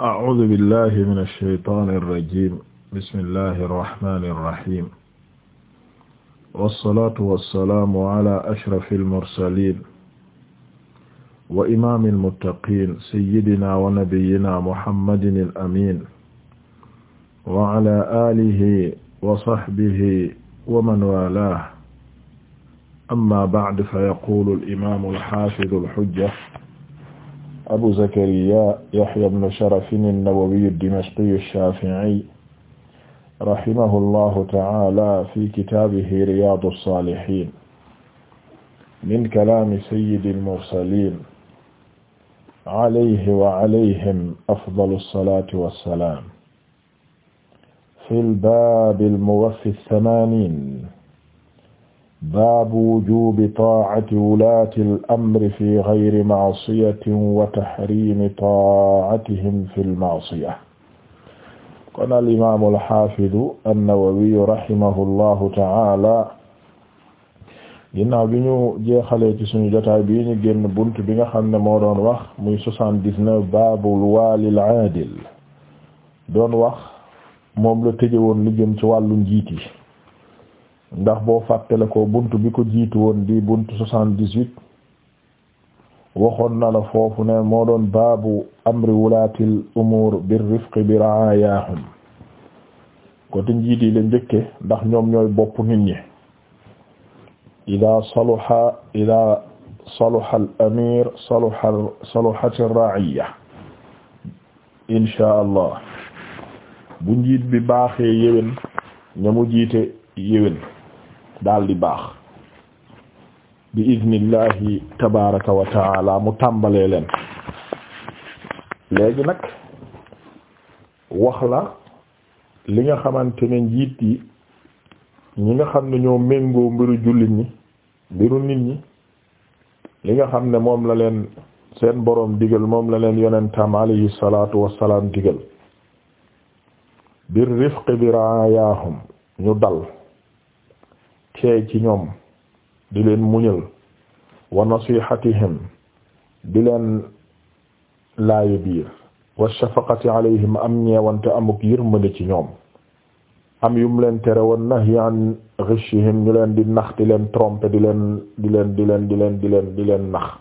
أعوذ بالله من الشيطان الرجيم بسم الله الرحمن الرحيم والصلاة والسلام على أشرف المرسلين وإمام المتقين سيدنا ونبينا محمد الأمين وعلى آله وصحبه ومن والاه أما بعد فيقول الإمام الحافظ الحجة abu zakariya yahya ibn sharafin an-nawawi ad-dimashqi ash-shafi'i rahimahu llahu ta'ala fi kitaabihi riyaadu s-saalihiin min kalaami sayyidi al-mursaliin alayhi wa alayhim afdalu s-salaati was-salaam fil baabil muwaffi ath-thamaaniin baabu wujuubi taacati wulaati al-amri fi gayri macsiyatin wa taxriimi taacatihim fi l-macsiya. kon al-imaamu al-xaafidu an-Nawawiyu rahimahullaahu ta'aala. ginnaaw bi ñu jeexalee ci sunu jotaay bii génn bunt bi nga xam ne moo doon wax muy soixante-dix-neuf baabul waalil aadil doon wax moom la tëjewoon li jëm ci wàllu njiit yi. ndax boo fàttale ko buntu biko ko jiitu woon di buntu soixante-dix-huit waxoon na la foofu ne moo doon baabu amri wulaatil umuur bir rifqi bi ra'ayaahum côté njiit yi la njëkke ndax ñoom ñooy bopp nit ñi ida saluha ida saluha al amir saluha saluhat allah bu njiit bi baaxee yéwén ñamu jiite yéwén daal di baax bi idnillahi tabaraka wa mu tàmbalee leen léegi nag wax la li nga xamante ne njiit yi ñi nga xam ne ñoo méngoo mbiru jullit ñi mbiru nit ñi li nga xam ne moom la leen seen boroom digal moom la leen yonentam alayhi salaatu wassalaam digal bir rifqi bi raayahum ñu dal teey ci ñoom di leen muñal wa nasihatihim di leen laayi biir wa shafaqati alayhim am ñeewante amuk yërmande ci ñoom am yum leen tere woon nahyi an ghishihim ñu leen di nax di leen tromper di leen di leen di leen di leen di leen di leen nax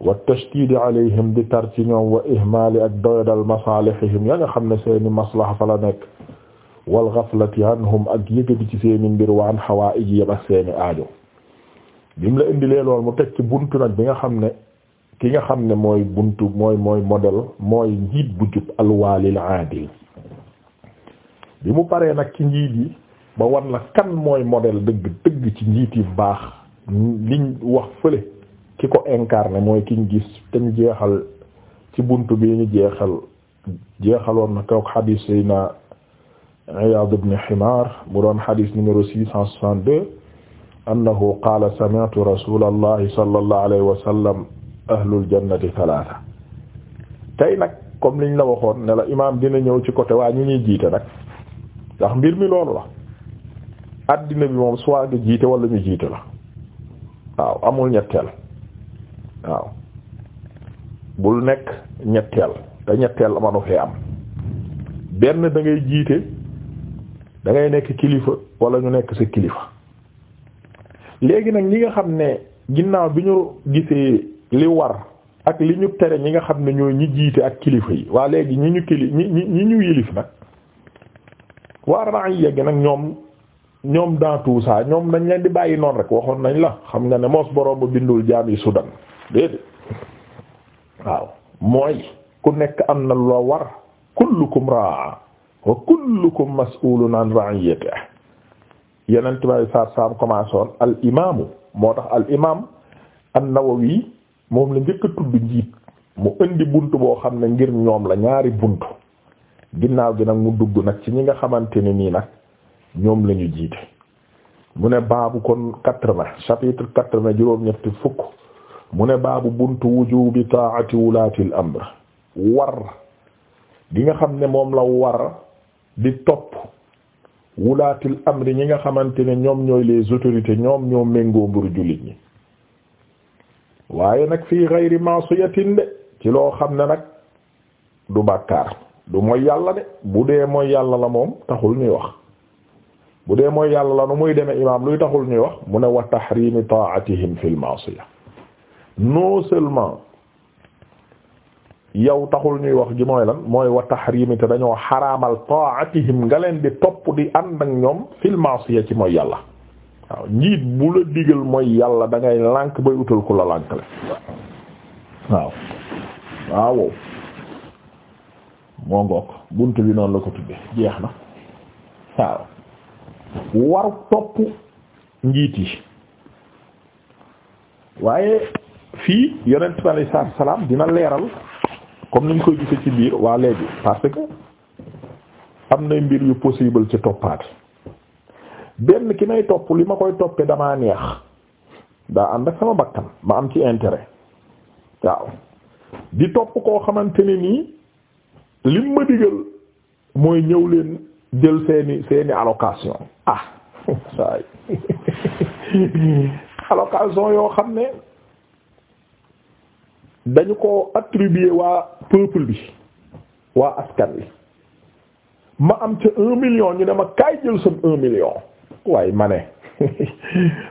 wa tashdidi alayhim di tar ci ñoom wa ihmaali ak doyadal masalihihim ya nga xam ne seeni maslaha fa la nekk wal ghaflati anhum ak yëgadi ci seeni mbir wa an hawaa'iji yam ak seeni aajo bim la indilee lool mu teg ci bunt nag bi nga xam ne ki nga xam ne mooy bunt mooy mooy modèle mooy njiit bu jub alwaalil aadil bi mu paree nag ci njiit yi ba wan la kan mooy model dëgg dëgg ci njiit yi baax liñ wax fële ki ko incarné mooy kiñ gis te ñu jeexal ci bunt bi ñu jeexal jeexaloon na kook xadiis yi na Iyaad ibn doon xadis numéro six cent soixante-deux annahu qaala sami'tu rasuulallahi sallallahu alayhi wa sallam comme liñ la waxoon ne la imaam dina ñëw ci côté waa ñu ñuy jiite ndax mbir mi loolu la addina bi moom soit wala ñu jiite la waaw amul ñetteel waaw bul nekk ñetteel te ñetteel manu fee am benn da jiite dangay nekk kilifa wala ñu nekk sa kilifa léegi nag ñi nga xam ne ginnaaw bi ñu gisee li war ak li ñu tere ñi nga xam ne ñooy ñi jiite ak kilifa yi waa léegi ñi ñu kili ñi ñi ñi ñu yilif nag waa ra'iya gi nag ñoom ñoom dans tout ñoom dañ leen di bàyyi noonu rek waxoon nañ la xam nga ne moos boroom bu bindul jaam yi sudan déedéet waaw mooy ku nekk am na loo war kullukum raa wa kullukum mas'ulun an ra'iyatihi yeneen tubaab yi saa saam commencé woon al imaamu moo tax al imaam an-Nawawi moom la njëkk tudd njiit mu indi buntu boo xam ne ngir ñoom la ñaari bunt ginnaaw gi nag mu dugg nag ci ñi nga xamante ne nii nag ñoom lañu ñu jiite. mu ne baabu kon quatre-vingts chapitre quatre-vingts juróom-ñetti fukk mu ne baabu buntu wujubi taa'ati wulaati amr war gi nga xam ne moom la war. di topp wulaatil amri ñi nga xamante ne ñoom ñooy les autorités ñoom ñoo méngoo mburu jullit ñi waaye nag fii ghayri ma'siyatin de ci loo xam ne nag du bàkkaar du mooy yàlla de bu dee mooy yàlla la moom taxul ñuy wax bu dee mooy yàlla la nu muy demee imaam luy taxul ñuy wax mu ne wa tahrimi ta'atihim fil ma'siya non seulement yow taxul ñuy wax ji mooy lan mooy wa tahrimi te dañoo xaraamal ta'atihim nga leen di topp di ànd ak ñoom fil ma'siya ci mooy yàlla waaw njiit bu la digal mooy yàlla da lànk bay utal ku la lànkale waaw waaw moo ngoog bunt bi noonu la ko tudde jeex na waaw waru topp njiit yi waaye fii yonent bi alayhi salaam dina leeral comme ni ñu koy gisee ci biir waa léegi parce que am na mbir yu possible ci toppaati benn ki may topp li ma koy toppee damaa neex daa ànd ak sama bakkan ma am ci intérêt waaw di topp koo xamante ne nii lim ma digal mooy ñëw leen jël seeni seeni allocation ah saay yoo xam ne dañu ko attribuer waa peuple bi waa askan wi ma am ca un million ñu ne ma kaay jël sam un million waaye ma ne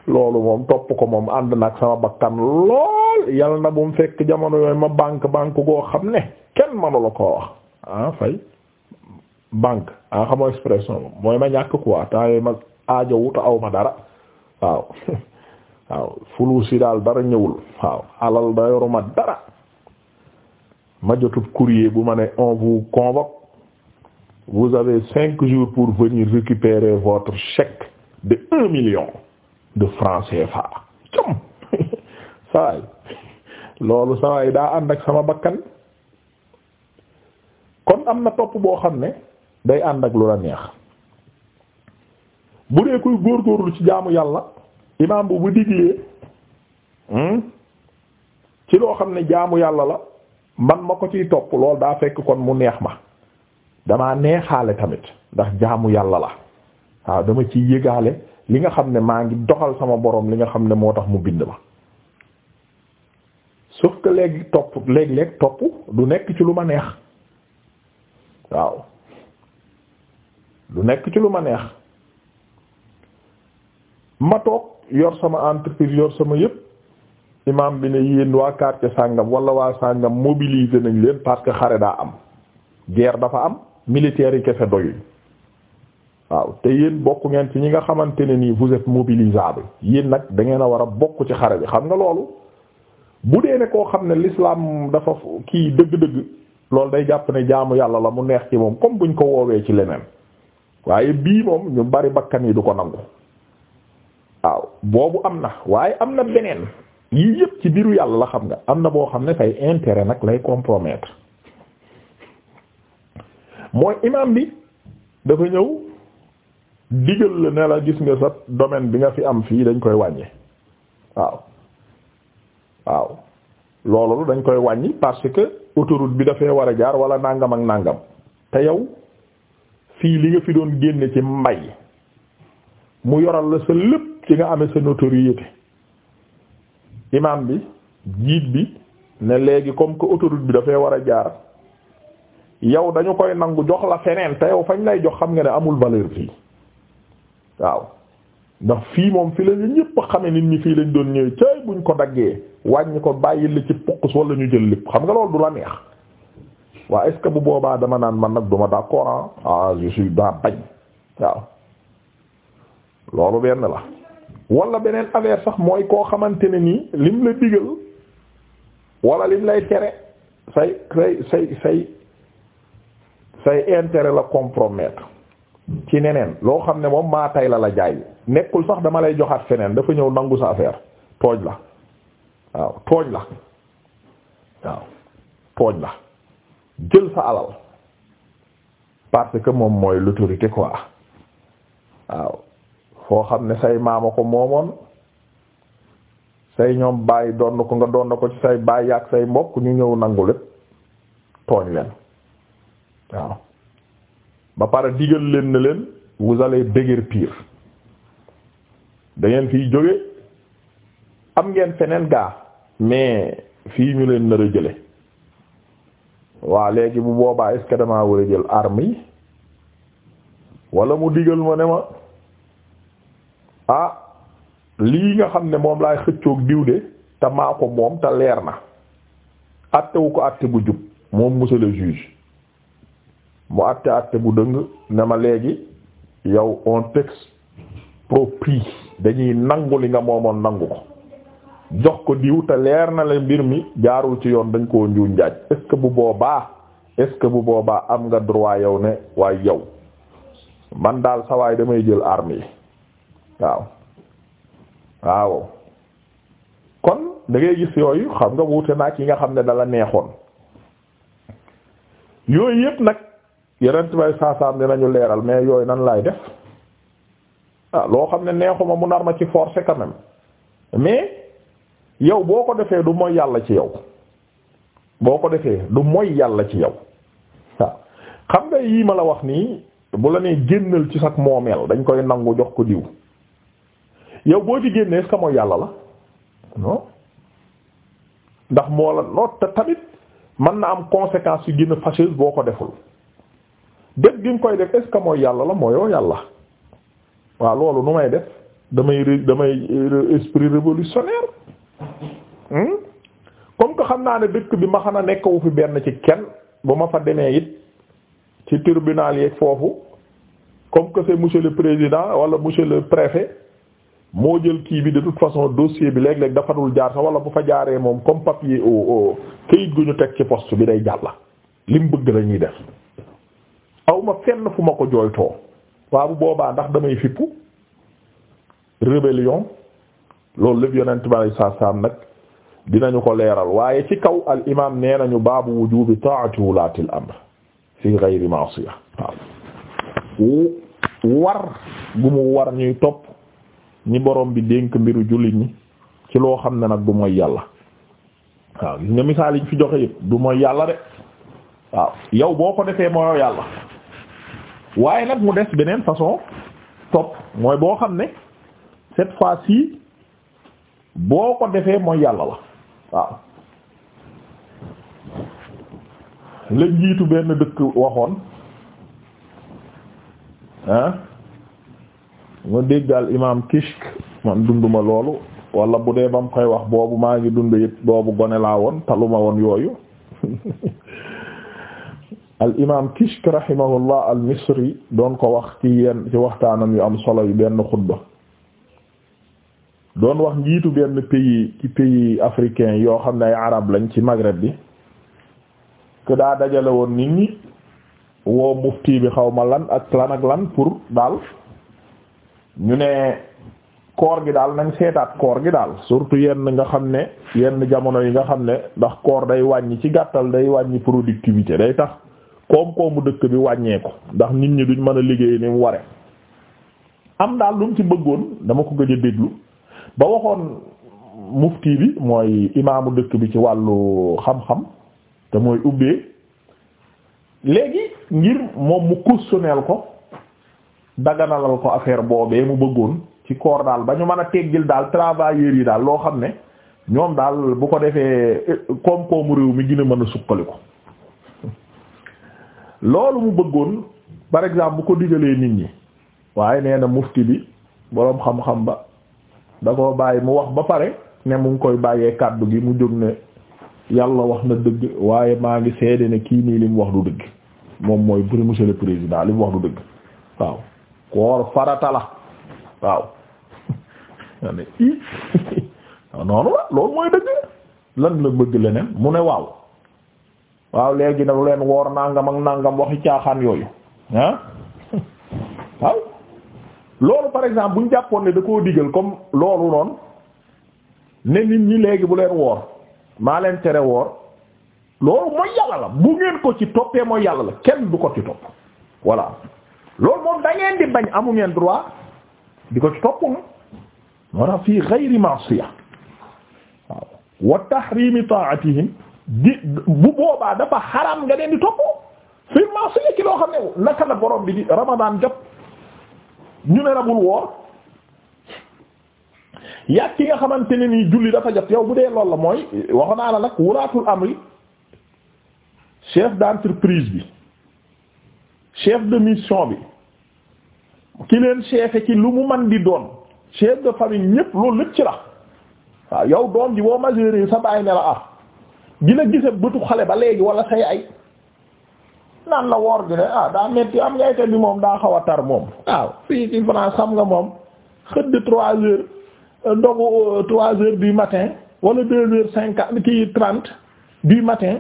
loolu moom topp ko moom ànd nag sama bakkan lool yal na bu mu fekk jamono yooyu ma bànk banque goo xam ne kenn manu ko koo wax ah fay banque ah xamoo expression mooy ma ñàkk quoi temps yooyu ma aajo wuta aw ma dara waaw fulus yi daal dara ñëwul waaw alal da yoruma dara ma jotub courrier bu ma ne on convoque vous avez cinq jours pour venir récupérer votre chèque de un million de francs CFA com sawaay loolu sawaay daa ànd ak sama bakkan kon am na topp boo xam ne day ànd ak lu la neex bu dee kuy góorgóorlu ci jaamu yàlla imaam bu bu diglee Hmm? ci loo xam ne jaamu yàlla la man ma ko ciy topp lool daa fekk kon mu neex ma damaa neexaale tamit ndax jaamu yàlla la waaw dama ciy yëgaale li nga xam ne maa ngi doxal sama borom li nga xam ne moo tax mu bind ma sauf que léegi topp léeg-léeg topp du nekk ci lu ma neex waaw du nekk ci lu ma neex ma toog yor sama entreprise yor sama yëpp imam bi ne yéen waa quartier sàngam wala waa sàngam mobiliser nañ leen parce que xare daa am guerre dafa am militaires yi kese doyuñ waaw te yéen bokk ngeen ci ñi nga xamante ne nii vous êtes mobilisable yéen nag da ngeen a war a bokk ci xare bi xam nga loolu bu dee ne koo xam ne l'islam dafa kii dëgg-dëgg loolu day jàpp ne jaamu yàlla la mu neex ci moom comme buñ ko woowee ci leneen waaye bii moom ñu bari bakkan yi du ko nangu waaw boobu am na waaye am na beneen yii yëpp ci biiru yàlla la xam nga am na boo xam ne say intérêt nag lay compromettre mooy imam bi dafa ñëw digal la ne la gis nga sa domaine bi nga fi am fii dañ koy wàññi waaw waaw loolu dañ koy wàññi parce que autoroute bi dafay war a jaar wala nàngam ak nàngam te yow fii li nga fi doon génne ci mbay mu yoral la sa lépp ci nga amee sa notoriété imam bi jiit bi ne léegi comme que autoroute bi dafay war a jaar yow dañu koy nangu jox la feneen te yow fañ lay jox xam nga ne amul valeur fii waaw ndax fii moom fi la ñëpp xame nit ñi fii lañ doon ñëw cay buñ ko daggee wàññi ko bàyyi la ci pukkus wala ñu jël lépp xam nga loolu du la neex waa est bu boobaa dama naan man nag duma d'accord ah, ah je suis daa bañ waaw loolu benn la wala beneen affaire sax mooy koo xamante ne nii lim la digal wala lim lay tere say say say say say intérêt la compromettre ci neneen loo xam ne moom maa tay la la jaay nekkul sax dama lay joxaat feneen dafa ñëw nangu sa affaire tooj la waaw tooj la waaw tooj la jël sa alal parce que moom mooy l'autorité quoi waaw foo xam ne say maama ko moomoon say ñoom bàyyi doon ko nga doon na ko ci say bàyyi ak say mbokk ñu ñëw nangu lépp tooñ leen waaw ba pare digal leen ne leen vous allez déguerpir da ngeen fiy jóge am ngeen feneen gaa mais fii ñu leen nar jële waa léegi bu boobaa est-ce war a jël arme yi mu digal ma ne ma ah lii nga xam ne moom laay xëccoog diw de te ko moom te leer na attewu ko atte bu jub moom monsieur le juge mu atte atte bu dëng ne ma léegi yow on t'exproprie dañuy nangu li nga moomoon nangu ko jox ko diw te leer na la mbir mi jaarul ci yoon dañ koo njuuñ njaaj est bu boobaa est-ce bu boobaa am nga droit yow ne waaye yow man daal sawaay damay jël arme waaw waaw kon dangay ngay gis yooyu xam nga wuute naag yi nga xam ne dala neexoon yooyu yëpp nag yeneen yenent bay saasaam dinañu leeral mais yooyu nan laay def ah, loo xam ne neexuma mu nar ma ci forcer quand mais yow boo ko defee du mooy yàlla ci yow boo ko defee du mooy yàlla ci yow ah. xam nga yii ma la wax nii bu la nee génnal ci sax moomeel dañ koy nangu jox ko diw yow boo ci génnee est yàlla la non ndax moo la lool te tamit man na am conséquence yu gën a boo ko deful def gi nga koy def est-ce mooy yàlla la mooyoo yàlla waaw loolu nu may def damay damay esprit révolutionnaire hmm? comme que xam naa ne dëkk bi ma xanaa nekkawu fi benn ci kenn bu ma fa demee it ci tribunal yeeg foofu comme que c'est monsieur le président wala monsieur le préfet moo jël kii bi de toute façon dossier bi léeg-léeg dafa dul jaar sax wala bu fa jaaree moom comme papier au këyit gu ñu teg ci poste bi day jàlla li bëgg la def aw ma fenn fu ma ko jooytoo waa bu boobaa ndax damay fippu rébellion loolu lépp yonent bi alei saa salaam nag dinañu ko leeral waaye ci kaw al imam nee nañu baabu wujubi taati wulaati al amr fi ghayri ma'siya waaw war gu mu war ñuy topp ñi borom bi dénk mbiru jullit ñi ci loo xam ne nag du mooy yàlla waaw gis nga misaal fi joxe yëpp du mooy yàlla de waaw yow boo ko defee mooy yàlla waaye nag mu des beneen façon topp mooy boo xam ne cette fois-ci boo ko defee mooy yàlla la waaw la njiitu benn dëkk waxoon ah ma déggal imam Kishk man dunduma loolu wala bu dee ba mu koy wax boobu maa ngi dund yëpp boobu gone laa woon taluma woon yooyu al imam Kishk rahimahullah al misri doon ko wax ci yenn ci waxtaanam yu am solo yu benn xutba doon wax njiitu benn pays pays africain yoo xam ne ay arab lañ ci Maghreb bi que daa dajale woon nit ñi woo mufti bi xaw ma lan ak lan ak lan pour daal ñu ne koor gi daal nañ seetaat koor gi daal surtout yenn nga xam ne yenn jamono yi nga xam ne ndax koor day wàññi ci gàttal day wàññi productivité day tax koom-koomu dëkk bi wàññeeku ndax nit ñi duñ mën a liggéey ni mu ware am daal lum ci bëggoon dama ko gëj a déglu ba waxoon mufti bi mooy imaamu dëkk bi ci wàllu xam-xam te mooy ubbee léegi ngir moom mu kussoneel ko daganalal ko affaire boobee mu bëggoon ci koor daal ba ñu mën a teggil daal travailleurs yi daal loo xam ne ñoom daal bu ko defee eh, koom-koomu réew mi gina mën a suqali ko loolu mu bëggoon par exemple bu ko digalee nit ñi waaye nee na mufti bi boroom xam-xam ba da koo bàyyi mu wax ba pare ne mu ngi koy bàyyee kàddu gi mu jóg ne yàlla wax na dëgg waaye maa ngi seede ne kii nii li mu wax du dëgg moom mooy monsieur le président li mu wax du dëgg waaw koor farata la waaw ne noonu la loolu mooy dëgg lan la bëgg leneen mu ne waaw waaw léegi nag leen woor nangam ak nangam waxi caaxaan yooyu ah waaw loolu par exemple bu ñu jàppoon ne da koo digal comme loolu noonu ne nit ñi léegi bu leen woor maa leen tere woor loolu mooy yàlla la bu ngeen ko ci toppee mooy yàlla la kenn du ko ci topp voilà loolu moom da di bañ amu ngeen droit di ko ci topp moo tax fii ghayri ma'siya waaw wa tahrimi ta'atihim bu boobaa dafa xaram nga leen di topp fii ma'siya ci loo xam ne naka la boroom bi di Ramadan jot ñu ne rabul ki nga xamante ne nii julli dafa jot yow bu dee loolu la mooy wax naa la nag wulaatul amri chef d'entreprise bi. chef de mission bi ki leen chefe ci lu mu man di doon chef de famille ñépp loolu lépp ci la waaw yow doom ji boo majeure sa bàyyi ne la ah dina gise bëtu xale ba léegi wala say ay naan la woor gi ne ah daa metti am ngay te bi moom daa xaw a tar moom waaw fii ci France xam nga moom xëdd trois heures euh, ndogu euh, trois heures du matin wala deux heures cinquante kii trente du matin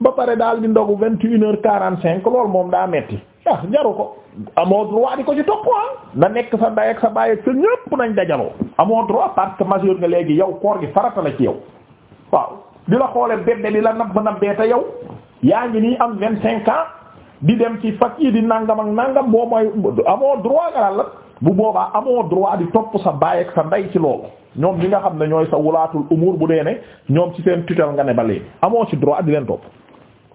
ba pare daal di ndogu vingt une heure quarante cinq loolu moom daa metti ah jaru ko amoo droit di ko ci topp ah na nekk sa ndey ak sa baay ak sa ñëpp nañ dajaloo amoo droit parce que majeur nga léegi yow koor gi farata la ci yow waaw di la xoole bedde li la nabb nabbee te yow yaa ngi nii am vingt cinq ans di dem ci fak yi di nangam ak nangam boo mooy amoo droit nga la bu boobaa amoo droit di topp sa baay ak sa ndey ci loolu ñoom di nga xam ne ñooy sa wulaatul umur bu dee ne ñoom ci seen tutelle nga ne ba léegi amoo ci droit di leen topp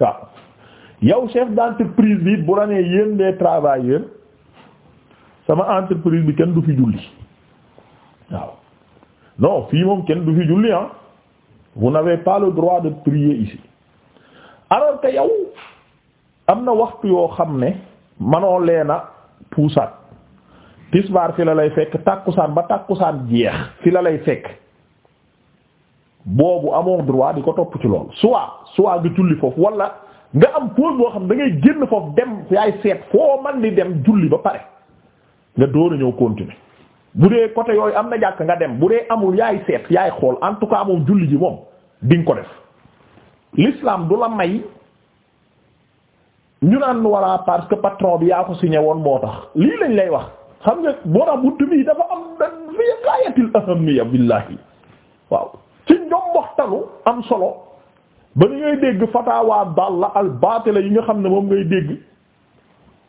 waaw chef d'entreprise bi bu la nee yéen des travailleurs sama entreprise bi kenn du fi julli waaw non fii moom kenn du fi julli ah vous n'avez pas le droit de prier ici alors que yow am na waxtu yoo xam ne manoo leena puusaat tisbaar fi la lay fekk tàkkusaan ba tàkkusaan jeex fi la lay fekk boobu amoo droit di ko topp ci loolu soit soit nga julli foofu wala nga am pause boo xam da ngay génn foofu dem yaay seet foo man di dem julli ba pare nga door a ñëw continuer bu dee côté yooyu am na jàkk nga dem bu dee amul yaay seet yaay xool en tout cas moom julli ji moom di ko def l'islam du la may ñu naan walla parce que patron bi yaa ko signé woon moo tax lii lañ lay wax xam nga boo tax bunt bii dafa am da fi gaayatil waaw gàttalu am solo ba ni ngay dégg fatawaa dalla al la yi nga xam ne moom ngay dégg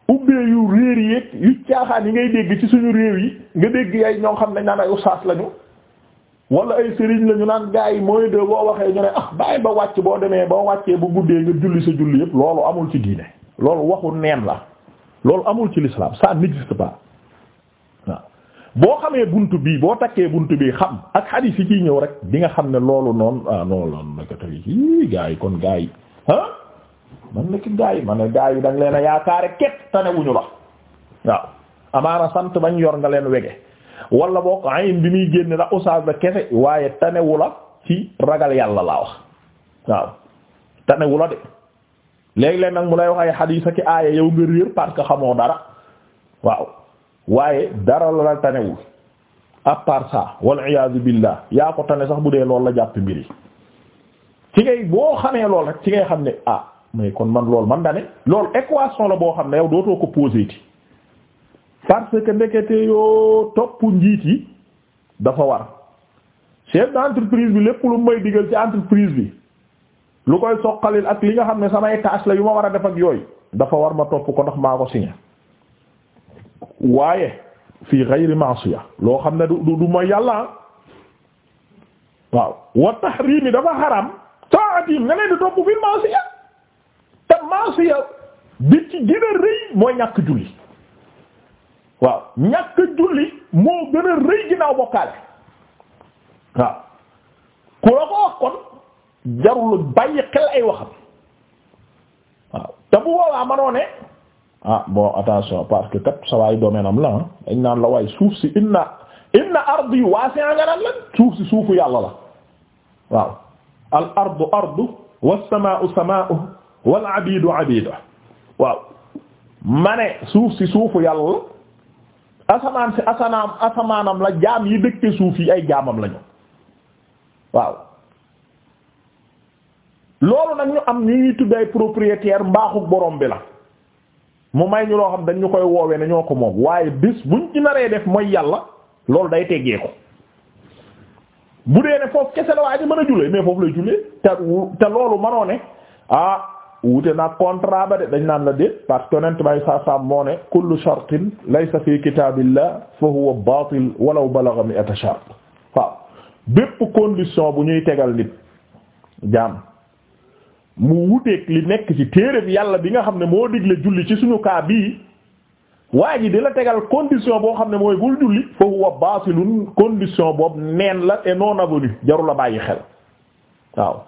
ubbee yu réer yéeg yu caaxaan yi ngay dégg ci suñu réer yi nga dégg ay ñoo xam ne naan ay ustaas lañu wala ay sëriñ lañu naan gaa yi mooy de boo waxee ñu ne ah bàyyi ba wàcc boo demee boo wàccee bu guddee nga julli sa julli yépp loolu amul ci diine loolu waxu neen la loolu amul ci l'islam ça n'existe pas boo xamee bunt bii boo takkee bunt bi xam ak xadiis yi ciy ñëw rek di nga xam ne loolu noonu ah non non naka tey gaa yi kon gaa yi ah man la ci gaa yi man ne gaa yi da leen a yaakaare ket tanewuñu la waaw amaana sant bañ yor nga leen wege wala boo ko ayin bi muy génne la oustaz la kese waaye tanewu la ci ragal yàlla laa wax waaw tanewu la de léegi leen nag mu lay wax ay xadiis ak aaya yow nga réer parce que xamoo dara waaw. waaye dara la la tanewul à part ça wal iyaazu billah yaa ko tane sax bu dee loolu la jàpp mbiri ci ngay boo xamee lool rek ci ngay xam ne ah mais kon man lool man dane loolu équation la boo xam ne yow dootoo ko posé ti parce que ndekete yoo topp njiit yi dafa war chef d'entreprise bi lépp lu may digal ci entreprise bi lu koy soqalil ak li nga xam ne samay tâche la yu ma war a def ak yooyu dafa war ma topp ko ndax maa ko signé waaye fii ghayri ma'siya loo xam ne du du mooy yàlla ah. waaw wa tahrimi dafa xaram ta'atim nga leen di topp fii ma'siya te ma'siya bi ci gën rëy mooy ñàkk julli waaw ñàkk julli moo gën a rëy ginnaaw bokkaale waaw ku la wax kon jarul bàyyi xel ay waxam waaw te bu boobaa manoo ah bon attention parce que kat sa waay domaine la ah naan la waay suuf si inna inna ardi wasi'a garan lan suuf si suufu yàlla la waaw al ardu ardu was-samaa'u samaa'u wal abidu abidu waaw ma suuf si suufu yàlla la asamaan si asamaanam la jaam yi dëkke suuf yi ay jaamam lañu waaw loolu nag ñu am ñuy tudd propriétaire mbaaxu borom bi la mu may ñu loo xam dañ ñu koy woowee ne ñoo ko moom waaye bis bu ci naree def mooy yàlla loolu day teggee ko bu dee ne foofu kese la waa ji mën a jullee mais foofu lay jullee te te loolu manoo ne ah wute nag contrat ba de dañ naan la déet parce que yonent bay moo ne kullu shartin laysa fi kitaabillah fa huwa baatil walaw balagha mi'ata shart waaw bépp condition bu ñuy tegal nit jaam mu wuteeg li nekk ci téere bi yàlla bi nga xam ne moo digle julli ci suñu kaa bii waa ji di la tegal condition boo xam ne mooy bul julli fa huwa baatilun condition boobu neen la et non avenu jaru la bàyyi xel waaw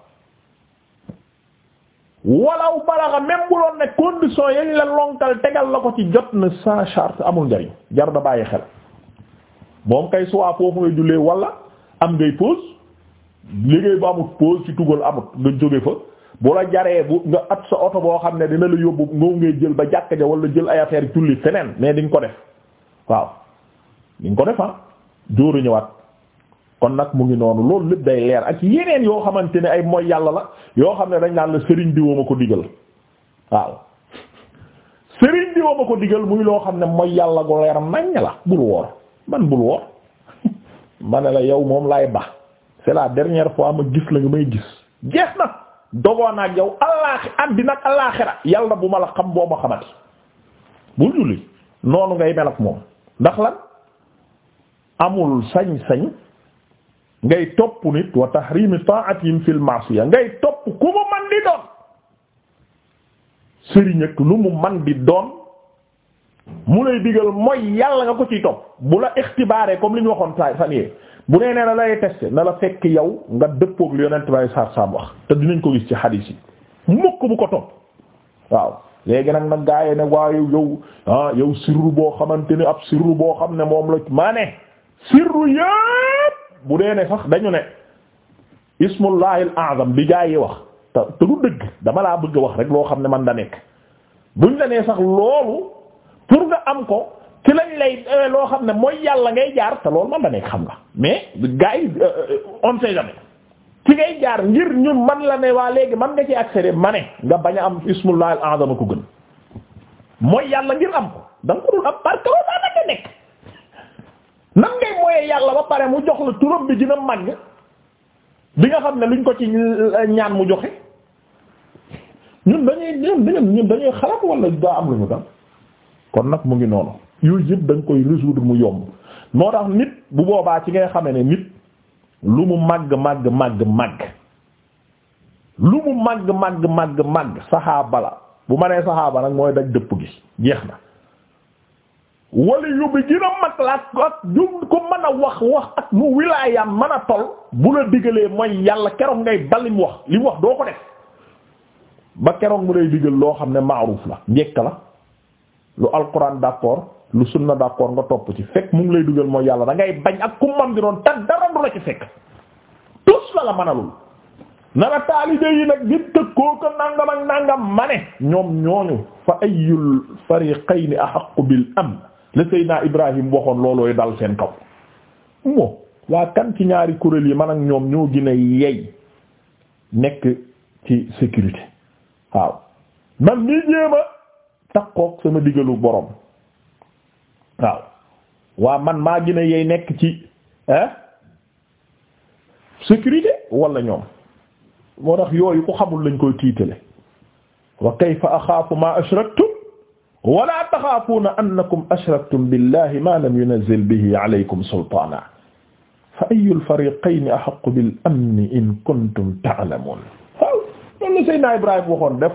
walaw balaxa même bu loon ne condition yañ la lonkal tegal la ko ci jot na sans charte amul njariñ jaru bàyyi xel moom kay soit foofu ngay jullee wala am ngay pause liggéey bu amut pause ci tugal amut nga jóge fa bu la jaree bu nga at sa oto boo xam ne dina la yóbbu ngoo ngay jël ba jàkk ja wala jël ay affaire julli feneen mais di nga ko def waaw di ko def ah dóoru ñëwaat kon nag mu ngi noonu loolu lépp day leer ak yeneen yoo xamante ne ay mooy yàlla la yoo xam ne dañ naan la sëriñ diwoo ma ko digal waaw sëriñ diwoo ma ko digal muy loo xam ne mooy yàlla gu leer naññ la bul woor man bul woor ma ne la yow moom laay ba c'est la dernière fois ma gis la nga may gis jeex na dogoo na yow allaaxi àddina ak allaaxira yàlla bu ma la xam boo ma xamati bu julli noonu ngay mel ak moom ndax lan amul sañ-sañ ngay topp nit wa tahrimi ta'atihim fil ma'siya ngay topp ku mu man di doon sëriñ lu mu man di doon mu lay digal mooy yàlla nga ko ciy topp bu la ixtibaaree comme li ñu waxoon sa fan yee bu nee nee na lay tester na la fekk yow nga dëppook lu yonent bay saar saam wax te dinañ ko gis ci xadiis yi mukk bu ko topp waaw léegi nag nag gaa yi ne waa yow yow ah yow sirru boo xamante ni ab sirru boo xam ne moom la maa ne sirru yëpp bu dee ne sax dañu ne ismullahil azam bi gaa wax te te du dëgg dama laa bëgg wax rek loo xam ne man da nekk buñ la nee sax loolu pour nga am ko ci lañ lay euh, loo xam ne mooy yàlla ngay jaar te loolu man da nekk xam nga mais gars yi euh, euh, on sait jamais ci ngay jaar ngir ñun man la ne waa léegi man nga ci accéder ma ne nga bañ a am ismullah al azama ko gën mooy yàlla ngir am ko da nga ko dul am parce loolu daa nekk nan yàlla ba pare mu jox la turam bi dina màgg bi nga xam ne luñ ko ci ñaan mu joxe ñun dañuy dañuy xalaat wala daa am lu ñu kon nag mu ngi noonu. yooyu yëpp da nga koy résoudre mu yomb moo tax nit bu boobaa ci ngay xamee ne nit lu mu màgg màgg màgg màgg lu màgg màgg màgg màgg saxaaba la bu ma nee saxaaba nag mooy daj dëpp gi jeex na wala yóbbi gën a mag la ak jum ko mën a wax wax ak mu wilaayam mën a tol bu la digalee mooy yàlla keroog ngay bal li mu wax li mu wax doo ko def ba keroog mu lay digal loo xam ne maaruf la njekk la lu alquran d'accord lu sunna d'accord nga topp ci fekk mu ngi lay dugal mooy yàlla da ngay bañ ak ku man di doon te dara du la ci fekk tus la la manalul nara taalibe yi nag di tëkkoo ko ak nangam ma ne ñoom ñooñu fa ayyul fariqayni ahaqqu bil amn la Seydina Ibrahim waxoon loolooy dal seen kaw moo waa kan ci ñaari kuréel yi man ak ñoom ñoo gën a yey nekk ci sécurité waaw man mii jéema takkook sama digalu borom waaw waa man maa gën a yey nekk ci ah sécurité wala ñoom moo yooyu ku xamul lañ koy tiitale wa kayfa wala taxaafuuna annakum ashraktum billahi ma lam yunzil bihi alaykum sultaana fa ayyul fariqayni ahaqqu bil amni in kuntum ta'lamuun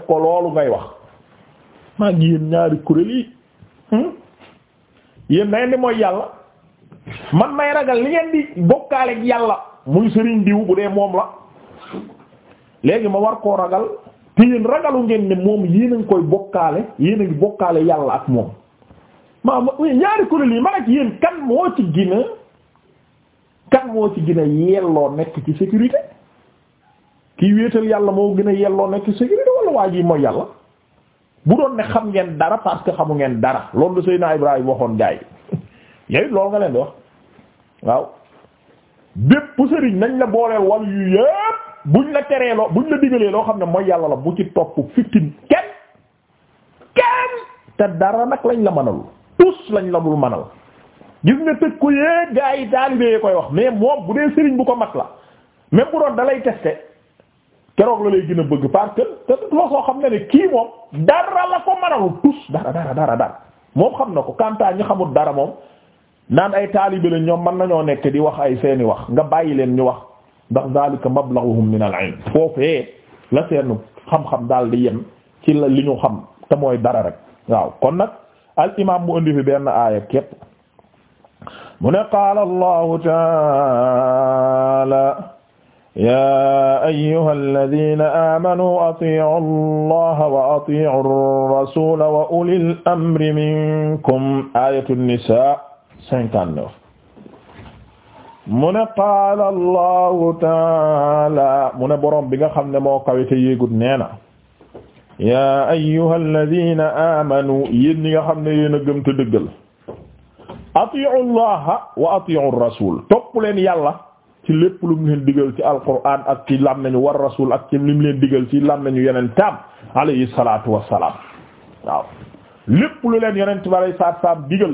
ko loolu ngay wax maa yéen na ngeen di mooy yàlla man may ragal li ngeen di bokkaale ak yàlla muy sëriñ diw bu dee moom la léegi ma war koo ragal te yéen ragalu ngeen ne moom yéen a ngi koy bokkaale yéen a ngi bokkaale yàlla ak moom ma ñaari kuréel yi man ak yéen kan moo ci gina kan moo ci gën yelloo nekk ci sécurité kii wéetal yàlla moo gën a yelloo nekk ci sécurité wala waa ji mooy yàlla bu doon ne xam ngeen dara parce que xamu ngeen dara loolu la Seydina Ibrahima waxoon gaay yow it loolu nga leen di wax waaw bépp sëriñ nañ la booleel wàll yu yépp buñ la teree loo buñ la digalee loo xam ne mooy yàlla la bu ci topp fittin kenn kenn te dara nag lañ la mënal tous lañ la dul mënal gis nga tëj ko yéeg gaay yi taalibe koy wax mais moom bu dee sëriñ bu ko mat la même bu doon dalay tester. keroog la lay gën a bëgg parce que te loo soo xam ne ne kii moom dara la ko mënalul tus dara dara dara moom xam na ko kantaa ñi xamul dara moom naan ay taalibe la ñoom mën nañoo nekk di wax ay seeni wax nga bàyyi leen ñu wax ndax zalika mablaghuhum min al-ilm foofee la seen xam-xam daal di yem ci la li ñu xam te mooy dara rek waaw kon nag al imam mu indi fi benn aaya képp mu ne qaala allahu taala يا أيها الذين آمنوا أطيعوا الله وأطيعوا الرسول وأولي الأمر منكم آية النساء 59 mu ne qaala Allahu taala mu ne boroom bi nga xam ne moo kawite yéegut nee na yaa ayyuha alladina aamanu yéen ñi nga xam ne yéen a gëm te dëggal atiicu llaha wa atiicu rasul topp leen yàlla ci lépp lu mu leen digal ci alquran ak ci lam nañu war rasul ak ci lim leen digal ci lam nañu yeneen taam alayhi salaatu wassalaam waaw lépp lu leen yeneen tibaray saat saam digal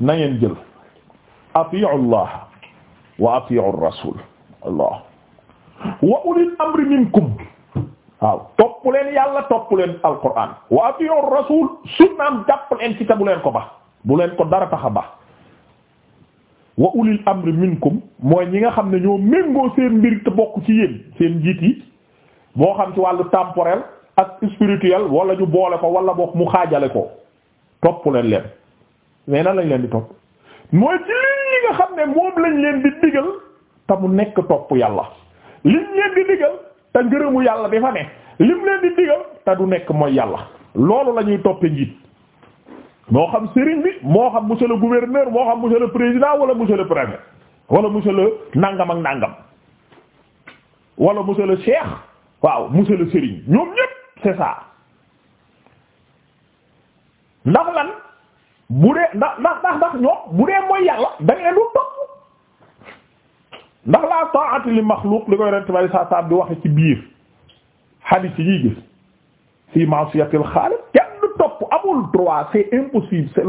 na jël atiu allah wa atiu rasul allah wa ulil amri minkum waaw topp leen yàlla topp leen alquran wa atiu rasul sunnaam jàpp leen ci ta leen ko ba bu leen ko dara tax a ba wa ulil amri minkum mooy ñi nga xam ne ñoo méngoo seen mbir te bokk ci yéen seen njiit yi moo xam ci wàllu temporel ak spirituel wala ñu boole ko wala bokk mu xaajale ko topp leen leen mais nan lañ leen di topp mooy ci li nga xam ne moom lañ leen di digal te mu nekk topp yàlla liñ leen di digal te ngërëmu yàlla dafa ne lim leen di digal te du nekk mooy yàlla loolu la ñuy toppe njiit moo xam sëriñ bi moo xam monsieur le gouverneur moo xam mu le président wala monsieur le préfet wala monsieur le nangam ak nangam wala monsieur le cheikh waaw monsieur le sëriñ ñoom ñépp c'est ça ndax lan bu dee ndax ndax ndax ñoom bu dee mooy yàlla da ngeen lu topp ndax laa ta'ati li maxluuq li koy rent bay sa sa bi waxe ci biir hadith yi gis fi ma'siyatil xaaliq amul droit c'est impossible c'est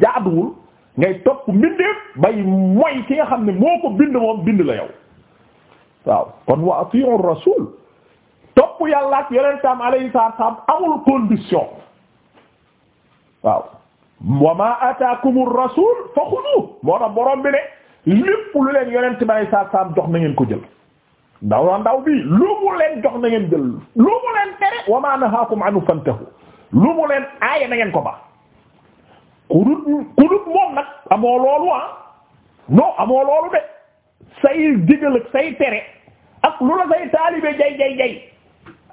jaaduwul ngay topp mbindeef bay moy ki nga xam ne moo ko bind moom bind la yow waaw kon wa atii'u rasul topp yàlla ak yonentam alayhi salaam amul condition waaw wa ma ataakumu rasul fa xuduuhu moo tax borom bi ne lépp lu leen yonent bi alayhi salaam jox na ngeen ko jël ndaw na ndaw bi lu leen jox na ngeen jël lu leen tere wa ma nahaakum anhu fantahu lu mu leen aaye na ko ba ku dut ku dut moom nag amoo loolu ah non amoo loolu de say digal ak say tere ak lu la say taalibe jay jay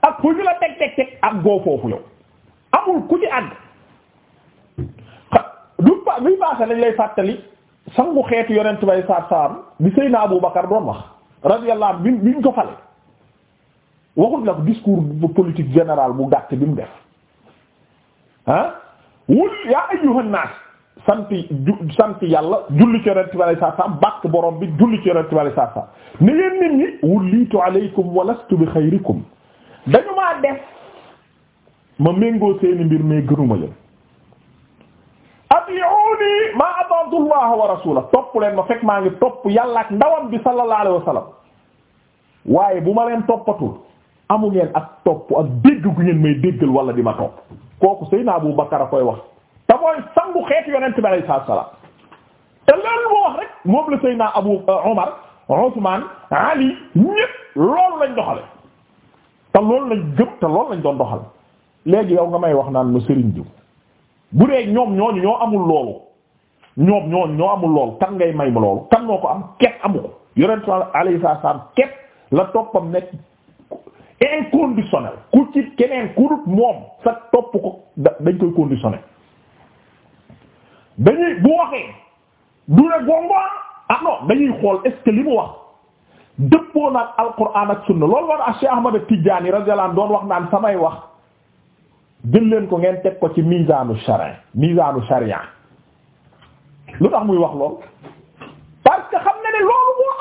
ak fu ñu la teg teg teg goo foofu yow amul ku ci àgg du pa lañ lay fàttali sangu xeetu yonent bay saar saar bi Seydina Abu Bakar doon wax radiyallahu bi bi ñu ko fale waxuñ la ko discours politique général bu gàtt bi mu def ah wul yaa ayyuhan naas sant ju sant yàlla julli ci yonent bi alayhi salaam bàkk borom bi julli ci yonent bi alayhi salaam ne yéen nit ñi wullitu alaykum wa lastu bi xayrikum dañu maa def ma méngoo seeni mbir mais gënuma leen ati'uuni ma ata'tu Allah wa rasulahu topp leen ma fekk maa ngi topp yàlla ak ndawam bi sallallahu alayhi wa sallam waaye bu ma leen toppatul amu ngeen ak topp ak dégg gu ngeen may déggal wala di ma topp kooku Seydina Abu Bakar a koy wax te mooy sangu xeet yonent bi alayhi salaatu salaam te loolu moo wax rek moom la Seydina Abu euh, Omar Ousmane Ali ñépp loolu lañ doxale te loolu lañ gëm te loolu lañ doxal léegi yow nga may wax naan ma Serigne Diouf bu dee ñoom ñooñu ñoo amul loolu ñoom ñooñu ñoo amul loolu kan ngay may ma loolu kan moo ko am ket amu ko yonent bi alayhi salaatu salaam ket la toppam nekk. inconditionnel ku ci keneen ku dut moom sa topp ko dañ koy conditionnel dañuy bu waxee du ne gongo ah, ah non dañuy xool est li mu wax dëppoo naag alquran ak sunna loolu war a Cheikh Ahmad Tidiane radiyallahu anhu doon wax naan samay wax jël leen ko ngeen teg ko ci misaanu sharia misaanu sharia lu tax muy wax lool parce que xam na ne loolu moo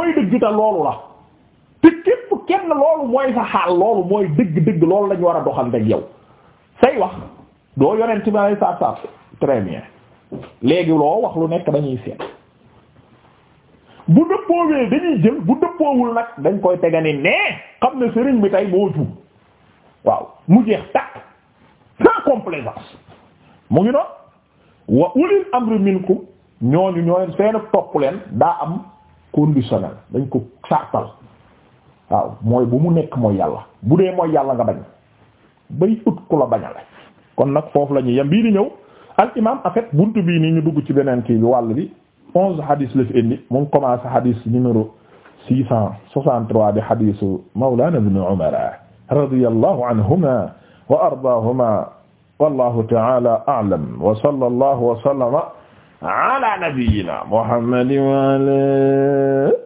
am loolu la te képp kenn loolu mooy sa xaal loolu mooy dëgg-dëgg loolu lañu war a doxanteeg yow say wax doo yonent bi ay saab saab très léegi loo wax lu nekk dañuy seet bu dëppoowee dañuy jël bu dëppoowul nag dañ koy tegani nee xam ne sëriñ bi tay boo jub waaw mu jeex takk sans complaisance mu ngi noonu wa ulil amri minkum ñooñu ñooy seen topp leen daa am conditionnel dañ ko sartal waaw mooy bu mu nekk mooy yàlla bu dee mooy yàlla nga bañ bay ut ku la bañale kon nag foofu la ñuy bii di ñëw al imam en fait bii nii ñu dugg ci beneen kii bi wàll bi onze hadis la fi indi mu ngi commencé hadis numéro six cent soixante-trois bi hadisu mawlana ibn umar radiyallahu anhuma wa ardaahuma wallahu ta'ala a'lam wa sallallahu wa sallama ala nabiyyina muhammadin wa ala